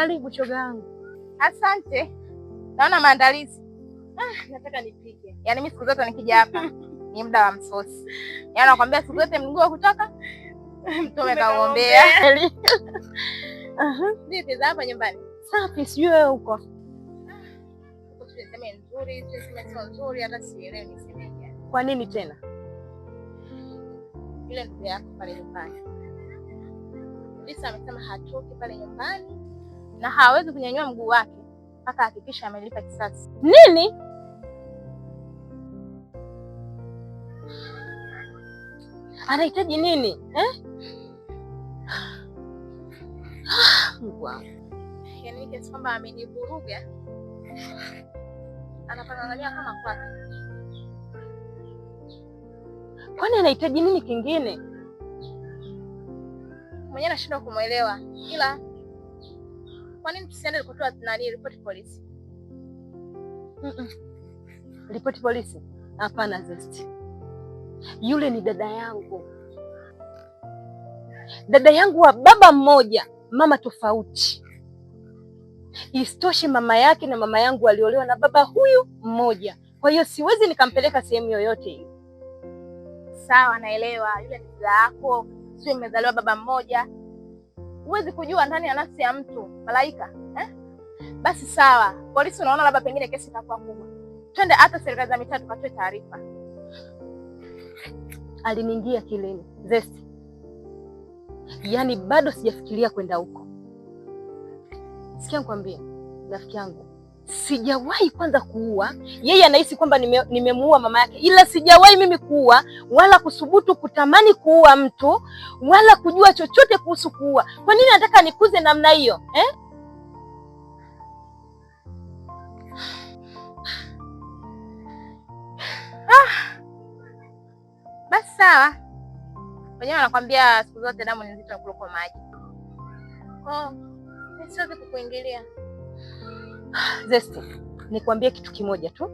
Karibu shoga yangu. Asante. Naona maandalizi. Ah, nataka nipike. Yaani mimi siku zote nikija hapa ni muda wa msosi. Yaani nakwambia siku zote mguu kutoka mtume kaombea. Aha. Vipi za hapa nyumbani? Safi, sijui wewe uko. Ah, Kwa nini tena? Yule ndugu yako pale nyumbani. Lisa amesema hatoki pale nyumbani na hawezi kunyanyua mguu wake mpaka hakikisha amelipa kisasi. Nini? Anahitaji nini eh? Mungu yaani kiasi kwamba amenivuruga, anapangangania kama kwake. Kwani anahitaji nini kingine? Mwenyewe anashindwa kumwelewa ila kwa nini tusiende kutoa nani ripoti polisi? Mm -mm. Ripoti polisi? Hapana Zest, yule ni dada yangu, dada yangu wa baba mmoja, mama tofauti. Isitoshe, mama yake na mama yangu waliolewa na baba huyu mmoja, kwa hiyo siwezi nikampeleka sehemu yoyote hii Sawa, naelewa, yule ni dada yako, sio? Mmezaliwa baba mmoja huwezi kujua ndani ya nafsi ya mtu malaika eh? Basi sawa, polisi unaona labda pengine kesi itakuwa kubwa, twende hata serikali za mitaa tukatoe taarifa. Aliniingia kilini zesti, yaani bado sijafikiria kwenda huko. Sikia nikwambie, rafiki yangu sijawahi kwanza kuua. Yeye anahisi kwamba nimemuua nime mama yake, ila sijawahi mimi kuua wala kusubutu kutamani kuua mtu wala kujua chochote kuhusu kuua. Kwa nini nataka nikuze namna hiyo eh? Ah, basi sawa. Wenyewe wanakwambia siku zote damu ni nzito kuliko maji. Oh, kukuingilia. Zesti, nikwambie kitu kimoja tu,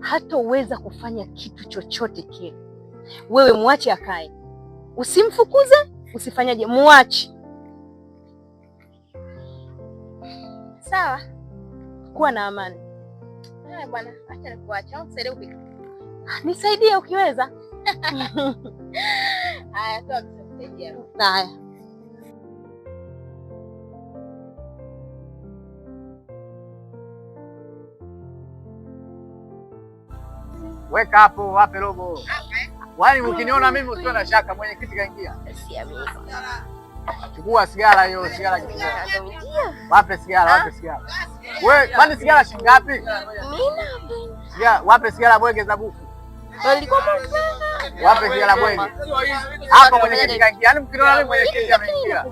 hatoweza kufanya kitu chochote kile. Wewe mwache akae, usimfukuze, usifanyaje, mwache sawa. Kuwa na amani bwana. Acha nikuache, nisaidie ukiweza. Haya. Weka hapo, wape logo. Wani ukiniona mimi usiwe na shaka, mwenye kiti kaingia. Chukua sigara hiyo, sigara chukua. wape sigara, wape ah. sigara. Wewe kwani sigara shilingi ngapi? Sigara wape sigara bwege za buku. Wape sigara bwege. Hapo mwenye kiti kaingia. Yaani mkiniona mimi mwenye kiti ameingia.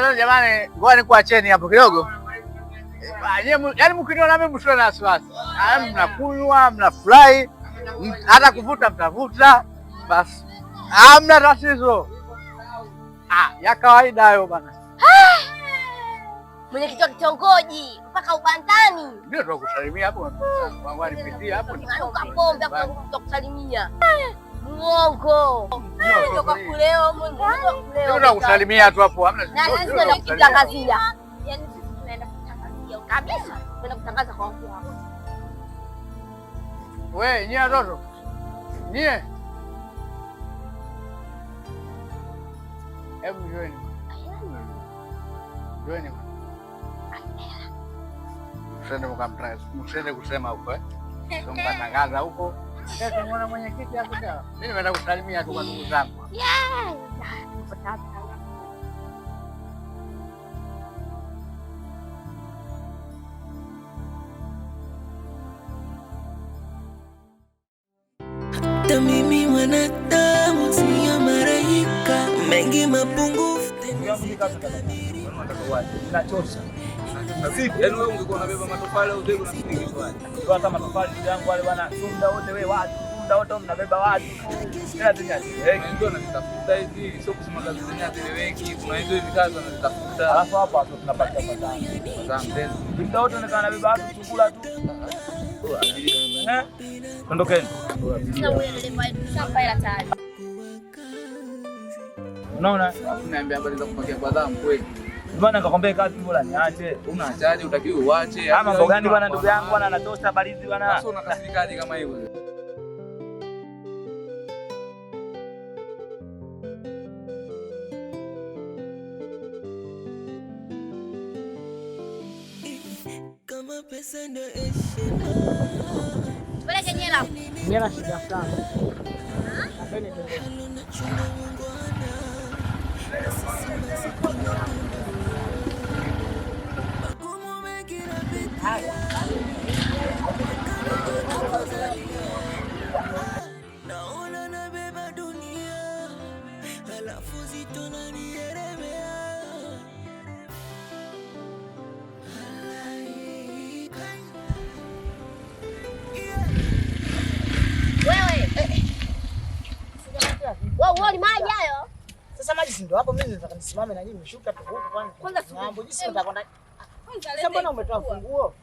bwana, leo jamani, ngoja nikuacheni hapo kidogo. Eh, ah, yaani mkiniona mimi msiwe na wasiwasi, ah, yaani mnakunywa mnafurahi, hata kuvuta mtavuta, basi hamna tatizo. Ah, ya kawaida hayo bana Mwenyekiti wa kitongoji mpaka ubandani. Ndio tunakusalimia hapo. Wangwani pitia hapo. Tunakusalimia. Muongo. Unakusalimia tu hapo, hamna kutangazia. Yaani sisi tunaenda kutangazia kabisa. Tunaenda kutangaza kwa wakuu wako. Wewe, nyie watoto. Nyie. Hebu njooni. Njooni. Msende mkamtrace. Msende kusema huko eh. Mkatangaza huko. Tumeona mwenyekiti hapo sawa. Mimi nimeenda kusalimia tu kwa ndugu zangu. Hata mimi mwanadamu sio malaika, mengi mapungufu Yaani wewe ungekuwa unabeba matofali au zego na kitu kingine. Kwa hata matofali yangu wale bwana sunda wote wewe watu sunda wote mnabeba watu. Tena tena. Eh, ndio anatafuta hizi sio kusema kazi zenyewe hazieleweki. Kuna hizo hizi kazi anatafuta. Alafu hapa hapo tunapata pazani. Pazani tena. Sunda wote anakaa anabeba watu chukula tu. Eh? Ondokeni. Sasa wewe ndio shamba ila tayari. Unaona? Unaambia habari za kupakia kwa dhamu kweli. Bwana nikakwambia kazi bora niache. Unaachaje? utaki uache. Ama mambo gani bwana ndugu yangu bwana anatosa habari hizi bwana. Sasa unakasirikaje kama hivyo? Kama pesa ndio heshima. Peleke nyela. Nyela shilingi 5000. Ah? Naona nabeba dunia, alafu zito nanielemea. Wewe maji eh, hayo eh. sasa, maji si ndio hapo. Mimi nataka nisimame na nyinyi mshuke hapo huko kwanza. Kwanza mambo jinsi mtakwenda sasa mbona umetoa funguo?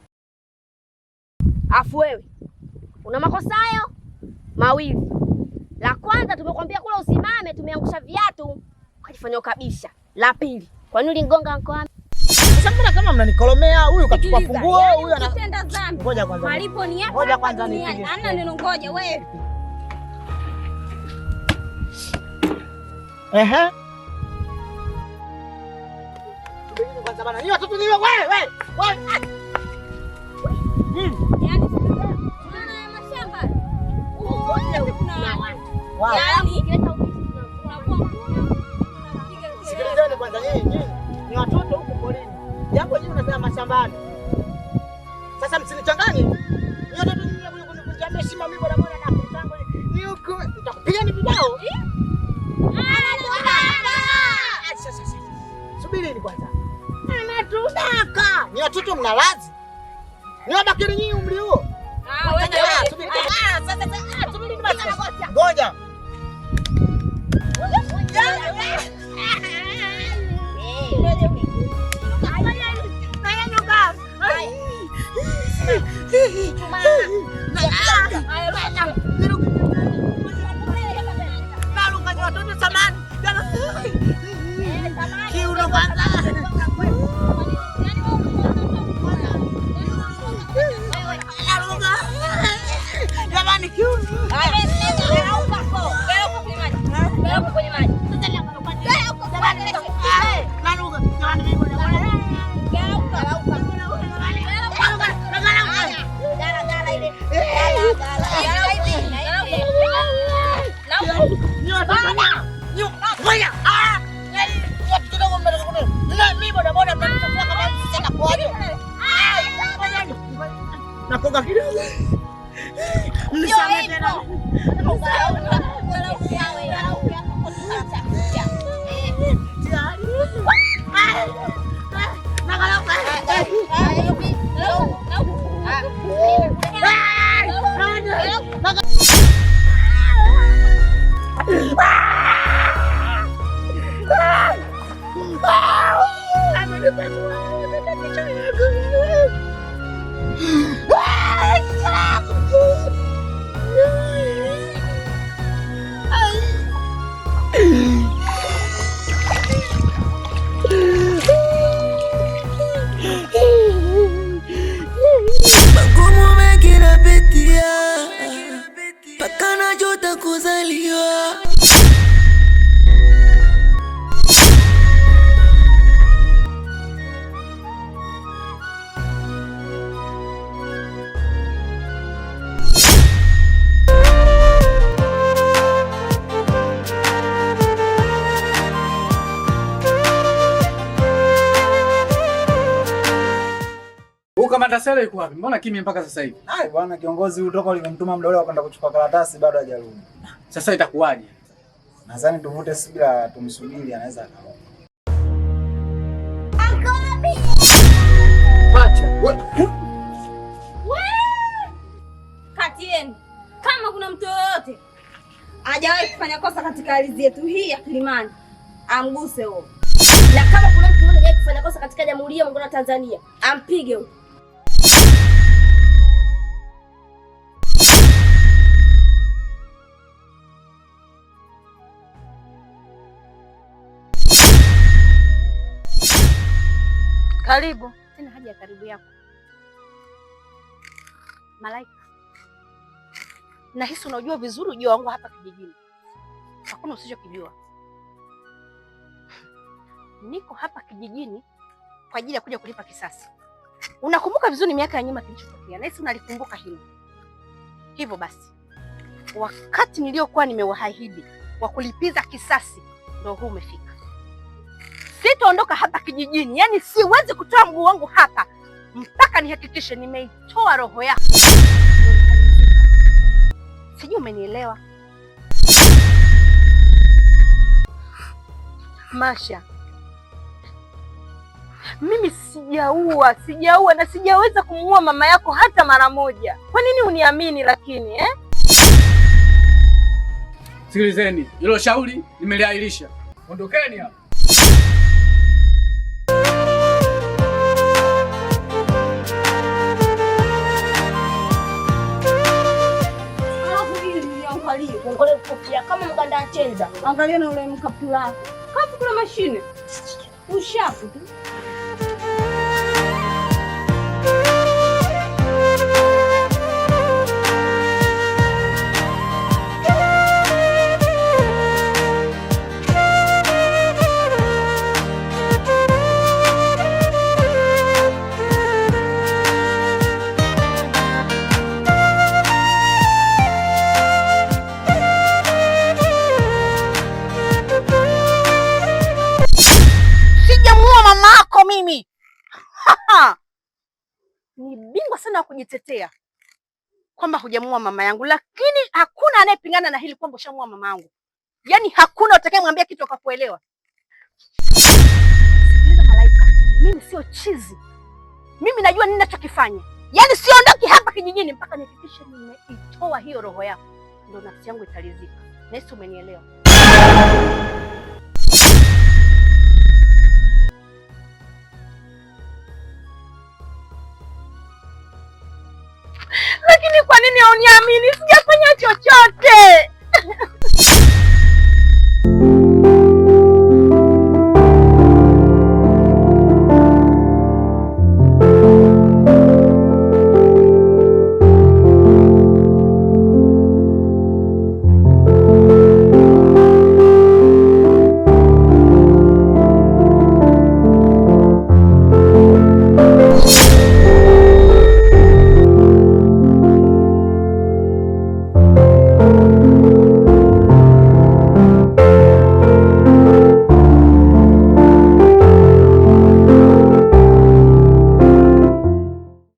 Afu wewe una makosa hayo mawili. La kwanza tumekwambia kula usimame, tumeangusha viatu ukajifanya ukabisha. La pili, kwa nini uligonga mko wangu? Sasa mbona kama mnanikolomea huyu kachukua yaani funguo, huyu anatenda dhambi. Ngoja kwanza. Malipo ni hapa. Ngoja kwanza nipige. Hana neno ngoja wewe. Ehe. Sasa msinichanganye. ni kuja mimi bora bora na Ni huko. Nitakupigeni vibao. watoto mnawazi niwabakini nyinyi umri huo. Ngoja kiuno kwanza mausoleo. kamanda Sele yuko wapi? Mbona kimya mpaka sasa hivi? Hai bwana kiongozi huyu toka ulimtuma muda ule kwenda kuchukua karatasi bado hajarudi. Sasa itakuwaje? Nadhani tuvute subira tumsubiri anaweza akarudi. Akobi! Pacha. Kati yenu kama kuna mtu yoyote hajawahi kufanya kosa katika ardhi yetu hii ya Kilimani, amguse huo. Na kama kuna mtu mmoja hajawahi kufanya kosa katika Jamhuri ya Muungano wa Tanzania, ampige huo. Karibu. Sina haja ya karibu yako. Malaika, nahisi unajua vizuri ujio wangu hapa kijijini, hakuna usichokijua. Niko hapa kijijini kwa ajili ya kuja kulipa kisasi. Unakumbuka vizuri miaka ya nyuma kilichotokea, nahisi unalikumbuka hilo. Hivyo basi, wakati niliokuwa nimewaahidi wa kulipiza kisasi ndio huu umefika sitaondoka hapa kijijini, yaani siwezi kutoa mguu wangu hapa mpaka nihakikishe nimeitoa roho yako. Sijui umenielewa Masha? Mimi sijaua, sijaua na sijaweza kumuua mama yako hata mara moja. Kwa nini uniamini lakini eh? Sikilizeni, hilo shauri nimeliahirisha. Ondokeni hapa. ndacheza. Angalia na ule mkaptula kafu, kuna mashine ushafu tu. ah, ni bingwa sana wa kujitetea kwamba hujamua mama yangu, lakini hakuna anayepingana na hili kwamba ushamua mama yangu. Yaani hakuna utakayemwambia kitu akakuelewa. Sikiliza Malaika, mimi sio chizi, mimi najua ninachokifanya. Yaani siondoki hapa kijijini mpaka nihakikishe nimeitoa hiyo roho yako, ndio nafsi yangu italizika. Nahisi umenielewa. Lakini kwa nini hauniamini? Sijafanya chochote.